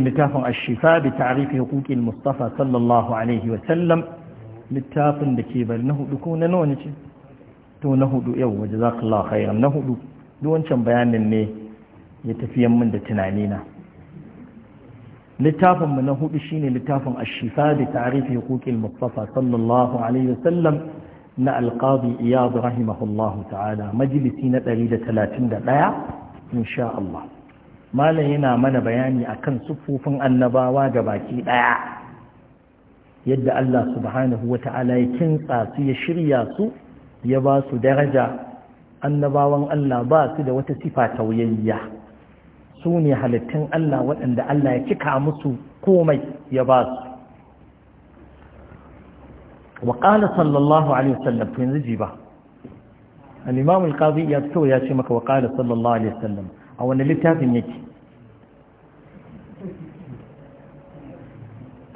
لتاف الشفاء بتعريف حقوق المصطفى صلى الله عليه وسلم لتاف دكيبا لنه دكونا نونج تو نهدو يو وجزاك الله خيرا نهدو دون شم بيان اني يتفيا من دتنانينا لتاف من نهدو شين الشفاء بتعريف حقوق المصطفى صلى الله عليه وسلم نا القاضي اياد رحمه الله تعالى مجلسين تريد ثلاثين دقيقة ان شاء الله malam yana mana bayani akan sufufin annabawa ga baki ɗaya yadda Allah subhanahu wa ta'ala ya kintsa su ya shirya su ya ba su daraja annabawan Allah ba su da wata sifa tauyayya su ne halittun Allah waɗanda Allah ya cika musu komai ya ba su wa وقال صلى الله عليه وسلم في نجيبة الإمام القاضي ya يا شمك وقال صلى الله عليه وسلم a wani littafin yake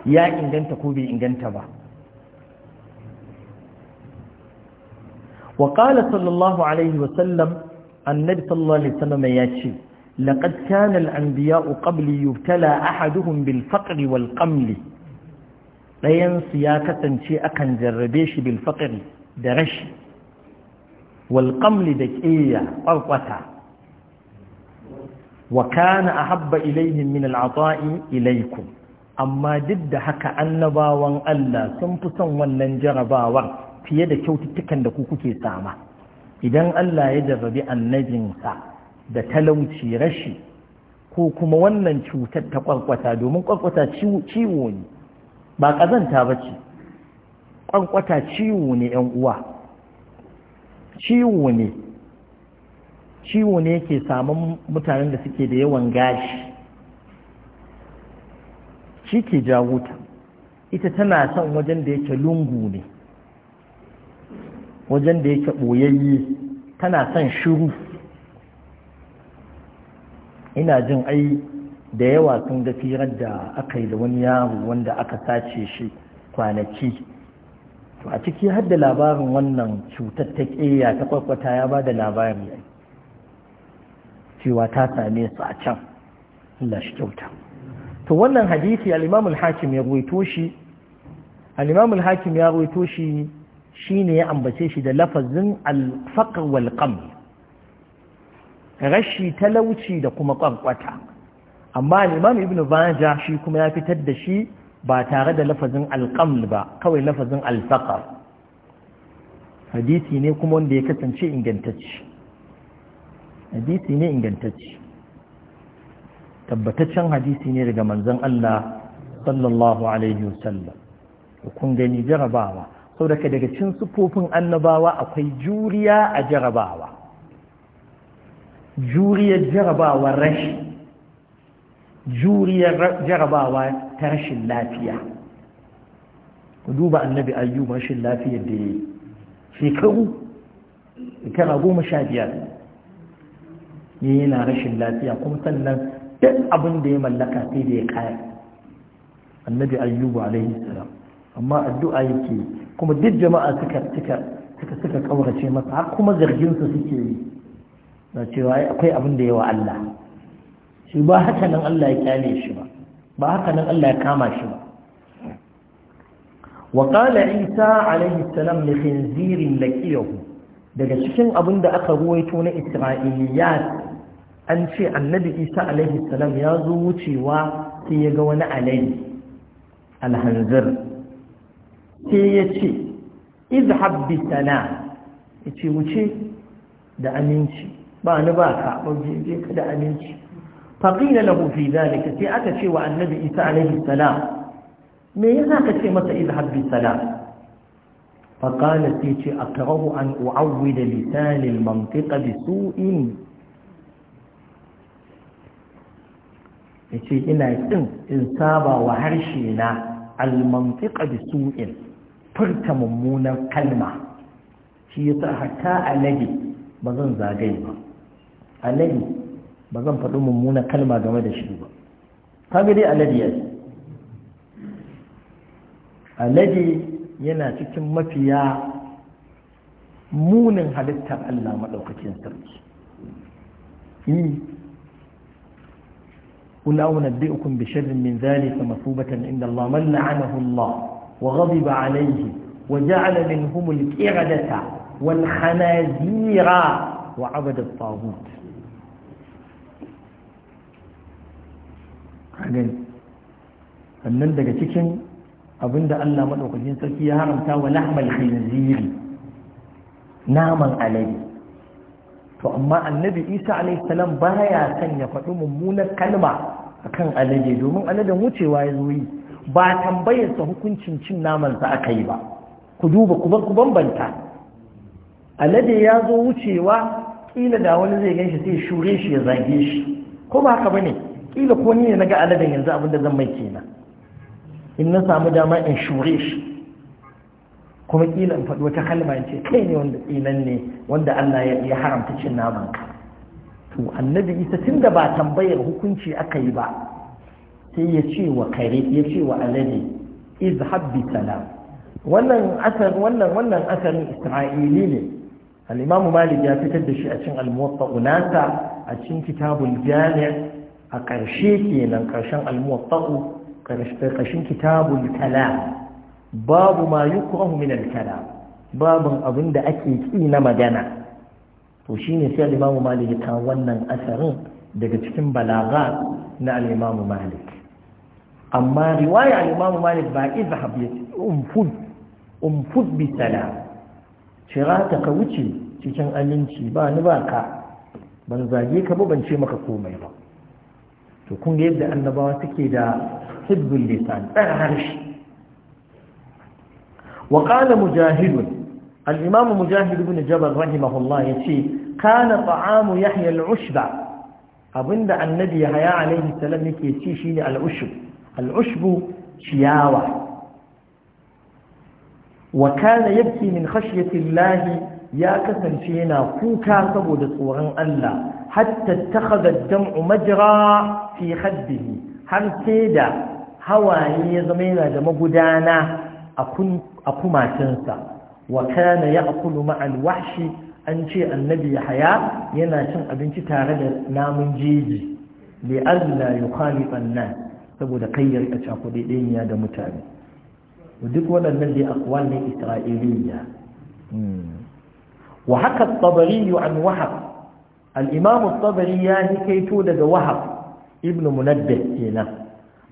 ya inganta ko bai inganta ba وقال صلى الله عليه وسلم النبي صلى الله عليه وسلم ياتي لقد كان الأنبياء قبلي يبتلى أحدهم بالفقر والقمل لا ينسي كتنشي أكن جربيش بالفقر درش والقمل دكئية أرقطة wa kana ahabba ilayhim min al'ata'i ilaykum amma duk da haka annabawan Allah sun fi son wannan jarabawar fiye da kyaututtukan da ku kuke sama idan Allah ya jarrabi sa da talauci rashi ko kuma wannan cutar ta kwarkwata domin kwarkwata ciwo ne ba kazanta ba ce kwarkwata ciwo ne ‘yan uwa ciwo ne ciwo ne ke samun mutanen da suke da yawan gashi shi ke jawo ta ita tana son wajen da yake lungu ne wajen da yake ɓoyayye tana son shiru ina jin ai da yawa sun ga firar da aka yi da wani yaro wanda aka sace shi kwanaki to a ciki har da labarin wannan cutar ta ƙeya ta kwakwata ya ba da labari cewa ta same su a can Allah shi kyauta to wannan hadisi al hakim ya ruwaito shi hakim ya ruwaito shi shine ya ambace shi da lafazin al wal qam rashi talauci da kuma kwankwata amma al Ibn Majah shi kuma ya fitar da shi ba tare da lafazin alƙam ba kawai lafazin al hadisi ne kuma wanda ya kasance ingantacce hadisi ne ingantacce tabbataccen hadisi ne daga manzon Allah sallallahu alaihi wasallam kun gani jarabawa saboda daga cin sufofin annabawa akwai juriya a jarabawa juriyar jarabawa rashi juriyar jarabawa ta rashin lafiya ku duba annabi ayyuba rashin lafiyar da ya shekaru shekara goma sha biyar Ni yana rashin lafiya kuma sannan duk abin da ya mallaka sai da ya kaya annabi ayyubu alaihi salam amma addu'a yake kuma duk jama'a suka suka suka suka kaurace masa har kuma zargin su suke yi na cewa akwai abin da yawa Allah shi ba haka nan Allah ya kyale shi ba ba haka nan Allah ya kama shi ba wa qala isa alaihi salam li khinzirin lakiyahu daga cikin abin da aka ruwaito na isra'iliyat an ce annabi isa alaihi salam ya zo wucewa sai ya ga wani alai alhanzir sai ya ce izhab bi sana ya ce wuce da aminci ba ni ba ka ɓauje je ka da aminci faƙila lahu fi zalika sai aka ce wa annabi isa alaihi salam me yasa ka ce masa izhab bi sana فقالت تيتي أقرأ أن أعود لسان المنطق بسوء ya ina ƙin in saba wa harshe na almantiƙa da su'in furta mummunan kalma shi ya sa hatta alade ba zan zagaye ba alade ba zan faɗi mummunan kalma game da shi ba kaga dai alade ya ce yana cikin mafiya munin halittar Allah maɗaukakin sarki قل أو نبئكم بشر من ذلك مثوبة عند الله من لعنه الله وغضب عليه وجعل منهم الكردة والخنازير وعبد الطاغوت sannan daga cikin abinda Allah maɗaukakin sarki ya haramta wa lahmal khinziri نعم alade to amma annabi isa a.s. ba ya san ya faɗi mummunar kalma a kan alade domin aladen wucewa ya zo yi ba tambayarsa hukuncin cin namansa aka yi ba ku duba ku bambanta alade ya zo wucewa ƙila da wani zai shi sai shure shi ya zage shi ko ba haka ba ne kila ko ni ne na ga aladen yanzu da zan mai kenan in na samu dama in shure shi kuma kila in faɗi wata kalma ce kai ne wanda tsinan ne wanda Allah ya haramta cin naman ka to annabi isa tunda ba tambayar hukunci aka yi ba sai ya ce wa kare ya ce wa alade izhab bi salam wannan asar wannan wannan asarin isra'ili ne al-imamu malik ya fitar da shi a cikin al-muwatta unata a cikin kitabul jami' a ƙarshe kenan ƙarshen al-muwatta ƙarshen kitabul kalam babu ma yukrahu min al-kalam babu abin da ake ki na magana to shine sai alimamu malik ya kawo wannan asarin daga cikin balaga na alimamu malik amma riwaya alimamu malik ba izhab ya umfud umfud bi salam shira ta ka wuce cikin aminci ba ni ba ka ban zage ka ba ban ce maka komai ba to kun ga yadda annabawa suke da hibbul lisan tsara harshe وقال مجاهد الإمام مجاهد بن جبل رحمه الله يتي كان طعام يحيى العشب أبند النبي يحيى عليه السلام يكي يشي شيني العشب العشب شياوة وكان يبكي من خشية الله يا كثن فينا كوكا سبود صورا ألا حتى اتخذ الدمع مجرى في خده هل سيدا هواي يزمينا دمجدانا أكنت a kumatinsa wa kana ya'kulu ma'al wahshi an ce annabi haya yana cin abinci tare da namun jeji li alla yukhalifa an saboda kai ya rika cakuɗe ɗaya da mutane duk waɗannan dai akwal ne isra'iliya wa haka tabari an wahab al-imam tabari ya hikaito daga wahab ibn munabbih kenan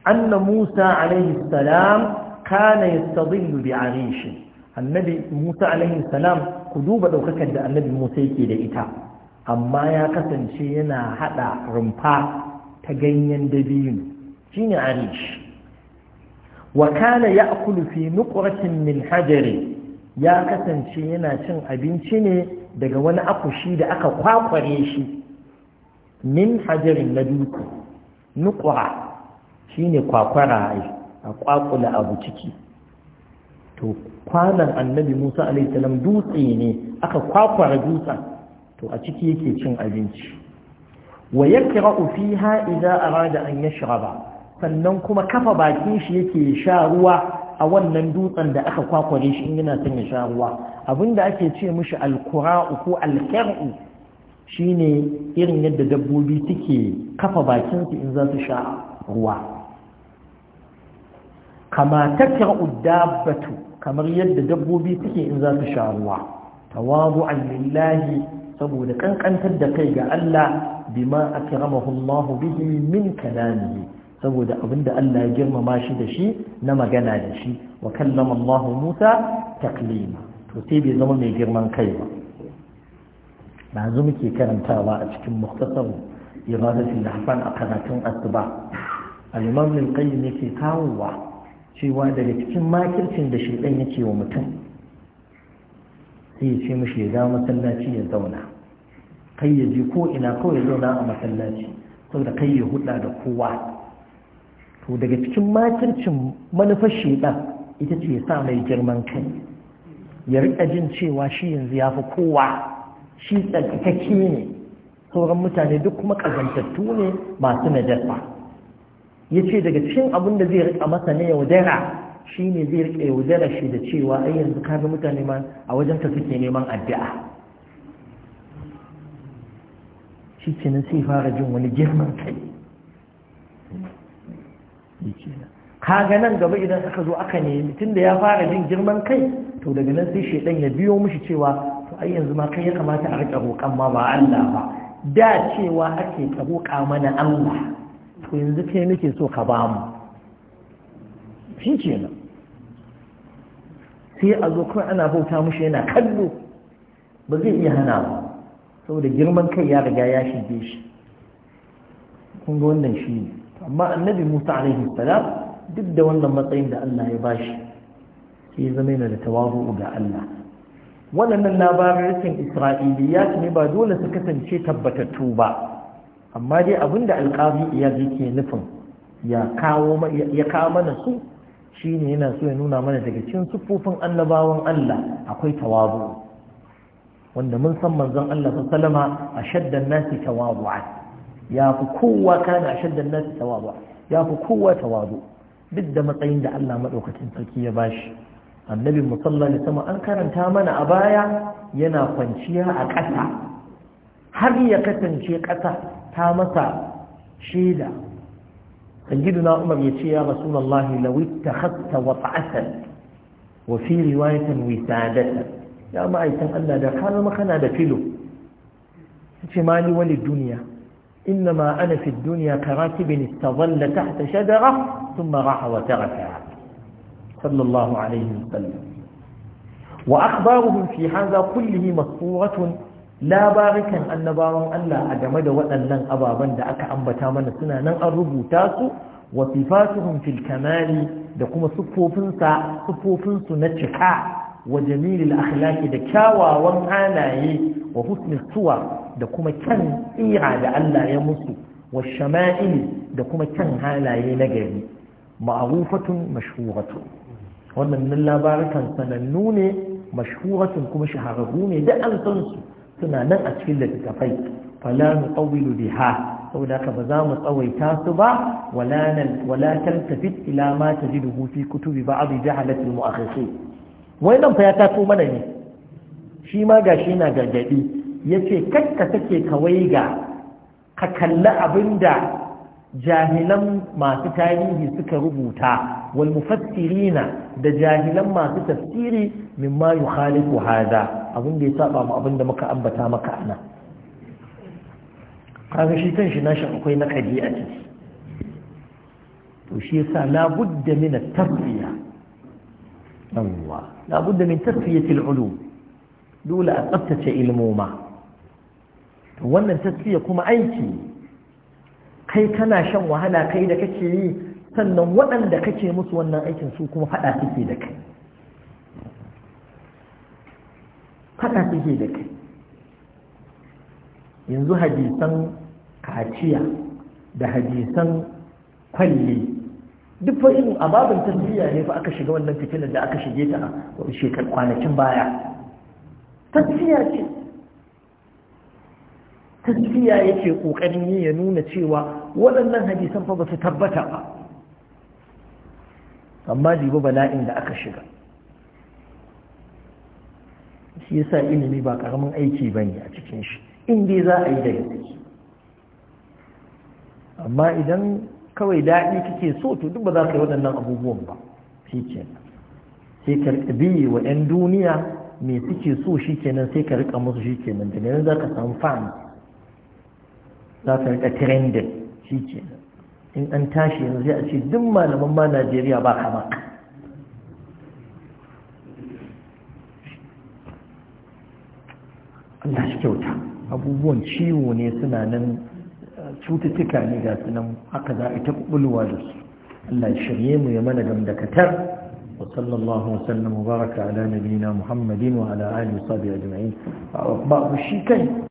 anna musa alayhi salam kana yastadillu bi arishi annabi Musa alaihi salam ku duba daukakar da annabi Musa yake da ita amma ya kasance yana hada rumfa ta ganyen dabino shine arish wa kana ya'kulu fi min hajari ya kasance yana cin abinci ne daga wani akushi da aka kwakware shi min hajarin na duku nukura shine kwakwara a kwakula abu ciki to kwanan annabi musa alaihissalam dutse ne aka kwakwara dutsen to a ciki yake cin abinci wa yakra'u fiha idza arada an yashraba sannan kuma kafa bakin shi yake sha ruwa a wannan dutsen da aka kwakware shi in yana son ya sha ruwa abinda ake ce mishi alkura'u ko alkar'u shine irin yadda dabbobi suke kafa bakin su in za su sha ruwa kama tasra'u dabbatu kamar yadda dabbobi suke in za su sha ruwa tawadu'an lillahi saboda kankantar da kai ga Allah bima akramahu bihi min kalamihi saboda abinda Allah ya girmama shi da shi na magana da shi wa kallama Allah Musa taklima to sai bai zama mai girman kai ba ba muke karantawa a cikin mukhtasar iradatul ahfan a karatun asuba al-imam al-qayyim yake kawowa cewa daga cikin makircin da shaidan yake wa mutum sai ya ce mishi ya za masallaci ya zauna kai ya je ko ina kawai ya zauna a masallaci da kai ya huda da kowa to daga cikin makircin manufar shaidan ita ce sa mai girman kai ya riƙa jin cewa shi yanzu ya fi kowa shi tsarkakakke ne sauran mutane duk kuma ƙazantattu ne masu najasa ya ce daga cikin abin da zai rika masa na yaudara shi ne zai rika yaudara shi da cewa ai yanzu kaga mutane ma a ta suke neman addu'a shi ce nan sai fara jin wani girman kai kaga nan gaba idan aka zo aka ne tun da ya fara jin girman kai to daga nan sai shaidan ya biyo mishi cewa to ai yanzu ma kai ya kamata a rika roƙan ma ba Allah ba da cewa ake ka roƙa mana Allah yanzu kai nake so ka ba mu shi ce nan sai a zo kawai ana bauta mushi yana kallo ba zai iya hana ba saboda girman kai ya riga ya shige shi kun ga wannan shi ne amma annabi musa alaihi salam duk da wannan matsayin da allah ya bashi sai zama yana da tawabu ga allah waɗannan labarin isra'iliya ne ba dole su kasance tabbatattu ba amma dai abinda alƙazi iya yake nufin ya kawo mana su shine yana so ya nuna mana daga cikin siffofin annabawan Allah akwai tawazu wanda mun san manzon Allah sallama ashaddan nasi tawazu'an ya fi kowa kana ashaddan nasi tawazu'an ya fi kowa tawazu duk da matsayin da Allah madaukakin sarki ya bashi annabi musallallahu alaihi an karanta mana a baya yana kwanciya a ƙasa har ya kasance ƙasa حامسا شيدا سيدنا عمر يتشي يا رسول الله لو اتخذت وطعة وفي رواية وسادة يا ما أيتم ألا دا كان ما كان دا فيلو مالي وللدنيا إنما أنا في الدنيا كراكب استظل تحت شجرة ثم راح وتركها صلى الله عليه وسلم وأخبارهم في هذا كله مسطورة labarikan annabawan Allah a game da waɗannan ababen da aka ambata mana suna nan an rubuta su wa sifatuhum fil kamali da kuma siffofinsa siffofinsu na cika wa jamilil akhlaqi da kyawawan halaye wa husnul suwa da kuma kyan tsira da Allah ya musu wa shama'il da kuma kyan halaye na gari ma'rufatun mashhuratun wannan labarukan sanannu ne mashhuratun kuma shahararru ne da an san su suna nan a cikin littattafai fala nuqawwilu biha saboda haka ba za mu tsawaita su ba wala nan wala tantafit ila ma ba fi kutubi ba'd jahalati al-mu'akhisi wai nan fa ya tato mana ne shi ma gashi yana gargadi yace kakka take kawai ga ka kalli abinda jahilan masu tarihi suka rubuta wal mufassirina da jahilan masu tafsiri mimma yukhalifu hadha abin da ya saba mu abin da muka ambata maka ana kaga shi kan shi nashi akwai na kadi a ciki to shi yasa labudda min tarbiya yawwa labudda min tasfiyati ulum dole a tsaftace ilmoma to wannan tasfiya kuma aiki kai kana shan wahala kai da kake yi sannan waɗanda kake musu wannan aikin su kuma faɗa suke da kai fata suke da kai yanzu hadisan kaciya da hadisan kwalli duk fa'in a babin tasbiya ne fa aka shiga wannan fitila da aka shige ta a shekar kwanakin baya tasbiya ce tasbiya yake kokarin yi ya nuna cewa waɗannan hadisan fa ba su tabbata ba amma jibi bala'in da aka shiga shi yasa ilimi ba karamin aiki bane a cikin shi in dai za a yi da gaske amma idan kawai daɗi kake so to duk ba za ka yi waɗannan abubuwan ba shi sai ka riƙa wa 'yan duniya me suke so shi nan sai ka riƙa musu shi nan da nan za ka samu fan za ka riƙa trending shi in an tashi yanzu sai a ce duk malaman ma najeriya ba kama suna shi kyauta abubuwan ciwo ne suna nan cututtuka ne ga sunan haka za a ita kubulwa da su allah shirye mu ya mana gam dakatar wa sallallahu wasallam mubaraka ala nabina muhammadin wa ala alihi wa sahbihi ajma'in ba ku shi kai